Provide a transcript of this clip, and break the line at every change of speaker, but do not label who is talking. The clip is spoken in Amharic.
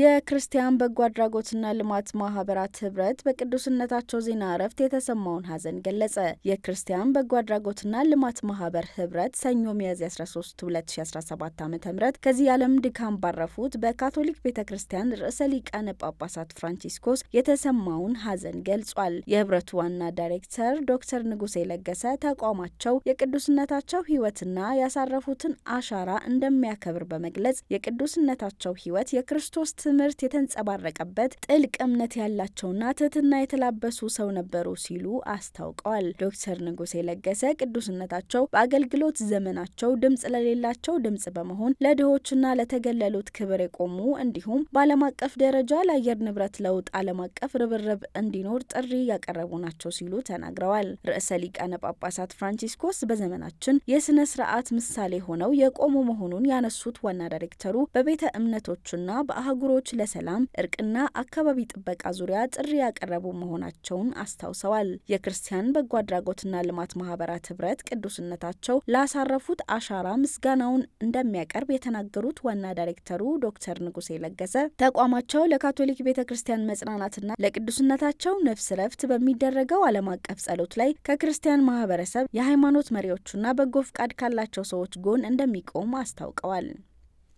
የክርስቲያን በጎ አድራጎትና ልማት ማህበራት ህብረት በቅዱስነታቸው ዜና እረፍት የተሰማውን ሐዘን ገለጸ። የክርስቲያን በጎ አድራጎትና ልማት ማህበር ህብረት ሰኞ ሚያዝያ 13 2017 ዓ ም ከዚህ ዓለም ድካም ባረፉት በካቶሊክ ቤተ ክርስቲያን ርዕሰ ሊቃነ ጳጳሳት ፍራንቺስኮስ የተሰማውን ሐዘን ገልጿል። የህብረቱ ዋና ዳይሬክተር ዶክተር ንጉሴ ለገሰ ተቋማቸው የቅዱስነታቸው ህይወትና ያሳረፉትን አሻራ እንደሚያከብር በመግለጽ የቅዱስነታቸው ህይወት የክርስቶስ ትምህርት የተንጸባረቀበት ጥልቅ እምነት ያላቸውና ትህትና የተላበሱ ሰው ነበሩ ሲሉ አስታውቀዋል። ዶክተር ንጉሴ ለገሰ ቅዱስነታቸው በአገልግሎት ዘመናቸው ድምጽ ለሌላቸው ድምጽ በመሆን ለድሆችና ለተገለሉት ክብር የቆሙ እንዲሁም በዓለም አቀፍ ደረጃ ለአየር ንብረት ለውጥ ዓለም አቀፍ ርብርብ እንዲኖር ጥሪ ያቀረቡ ናቸው ሲሉ ተናግረዋል። ርዕሰ ሊቃነ ጳጳሳት ፍራንቺስኮስ በዘመናችን የሥነ ስርዓት ምሳሌ ሆነው የቆሙ መሆኑን ያነሱት ዋና ዳይሬክተሩ በቤተ እምነቶችና በአህጉ ምሁሮች ለሰላም እርቅና አካባቢ ጥበቃ ዙሪያ ጥሪ ያቀረቡ መሆናቸውን አስታውሰዋል። የክርስቲያን በጎ አድራጎትና ልማት ማህበራት ህብረት ቅዱስነታቸው ላሳረፉት አሻራ ምስጋናውን እንደሚያቀርብ የተናገሩት ዋና ዳይሬክተሩ ዶክተር ንጉሴ ለገሰ ተቋማቸው ለካቶሊክ ቤተ ክርስቲያን መጽናናትና ለቅዱስነታቸው ነፍስ ረፍት በሚደረገው ዓለም አቀፍ ጸሎት ላይ ከክርስቲያን ማህበረሰብ የሃይማኖት መሪዎቹና በጎ ፍቃድ ካላቸው ሰዎች ጎን እንደሚቆም አስታውቀዋል።